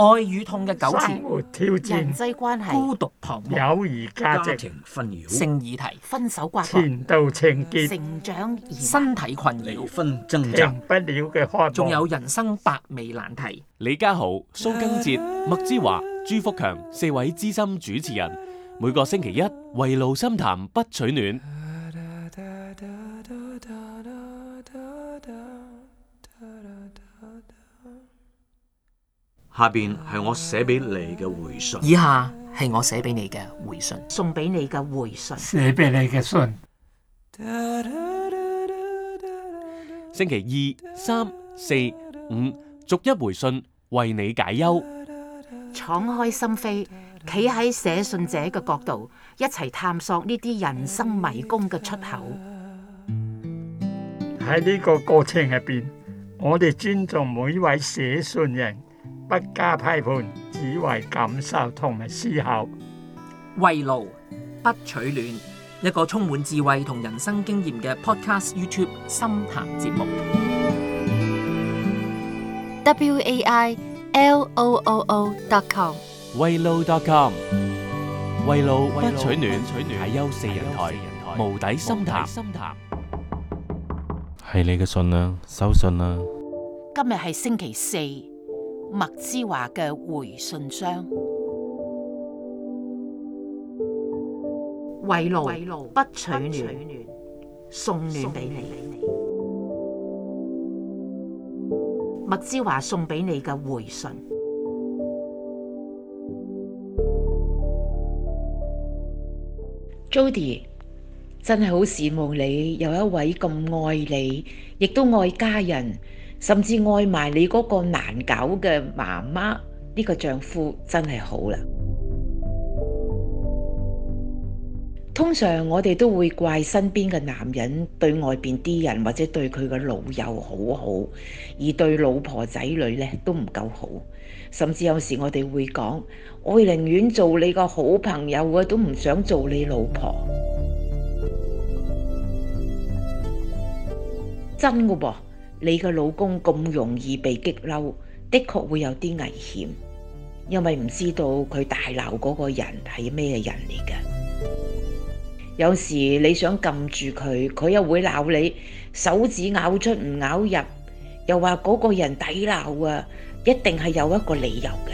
愛與痛嘅糾纏，挑戰人際關係，孤獨彷徨，友誼價值，家庭紛擾，成疑題，分手瓜葛，前度、情結，成長，身體困擾，婚姻，不了嘅誇張，仲有人生百味難題。李家豪、蘇根哲、麥之華、朱福強四位資深主持人，每個星期一圍爐深談不取暖。下邊係我寫俾你嘅回信。以下係我寫俾你嘅回信，送俾你嘅回信，寫俾你嘅信。星期二、三、四、五，逐一回信，為你解憂，敞開心扉，企喺寫信者嘅角度，一齊探索呢啲人生迷宮嘅出口。喺呢個過程入邊，我哋尊重每一位寫信人。不加批判，只為感受同埋思考。慰勞不取暖，一個充滿智慧同人生經驗嘅 Podcast YouTube 深談節目。W A I L O O O dot com，慰勞 dot com，慰勞不取暖，大優四人台，無底深談。係你嘅信啊，收信啊。今日係星期四。麥之華嘅回信箱，為奴為奴不取暖，送暖俾你。你麥之華送俾你嘅回信，Jody 真係好羨慕你，有一位咁愛你，亦都愛家人。甚至愛埋你嗰個難搞嘅媽媽，呢個丈夫真係好啦。通常我哋都會怪身邊嘅男人對外邊啲人，或者對佢嘅老友好好，而對老婆仔女呢都唔夠好。甚至有時我哋會講，我寧願做你個好朋友，我都唔想做你老婆。真噶噃？你嘅老公咁容易被激嬲，的確會有啲危險，因為唔知道佢大鬧嗰個人係咩人嚟嘅。有時你想撳住佢，佢又會鬧你，手指咬出唔咬入，又話嗰個人抵鬧啊！一定係有一個理由嘅。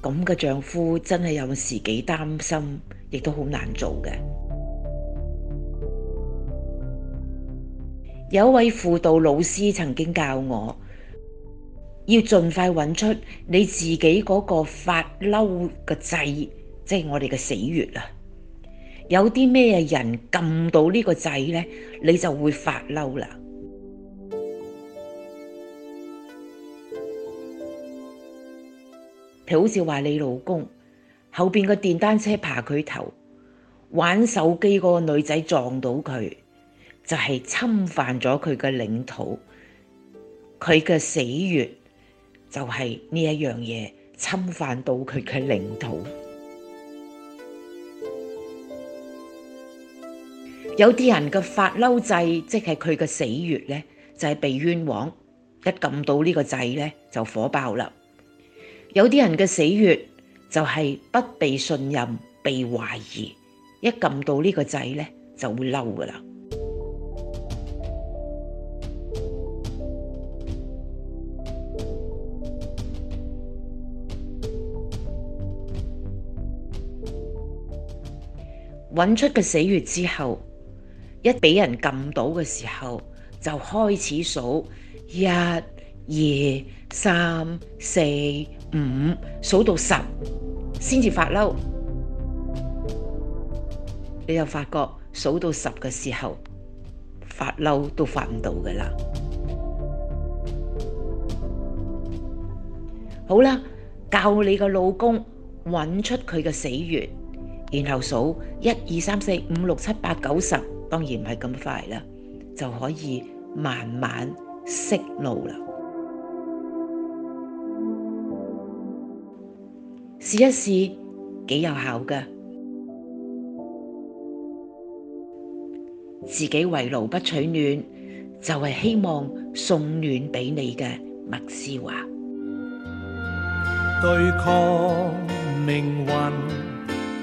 咁嘅丈夫真係有時幾擔心，亦都好難做嘅。有一位輔導老師曾經教我，要盡快揾出你自己嗰個發嬲個掣，即係我哋嘅死穴啊！有啲咩人撳到呢個掣咧，你就會發嬲啦。譬如好似話你老公後邊個電單車爬佢頭，玩手機嗰個女仔撞到佢。就係侵犯咗佢嘅領土，佢嘅死穴就係呢一樣嘢侵犯到佢嘅領土。 有啲人嘅發嬲掣，即係佢嘅死穴咧，就係、是、被冤枉，一撳到呢個掣咧就火爆啦。有啲人嘅死穴就係、是、不被信任、被懷疑，一撳到呢個掣咧就會嬲噶啦。揾出嘅死穴之後，一俾人撳到嘅時候，就開始數一、二、三、四、五，數到十先至發嬲。你就發覺數到十嘅時候，發嬲都發唔到嘅啦。好啦，教你個老公揾出佢嘅死穴。然後數一二三四五六七八九十，當然唔係咁快啦，就可以慢慢釋怒啦。試一試，幾有效㗎。自己圍爐不取暖，就係希望送暖俾你嘅麥之華。對抗命運。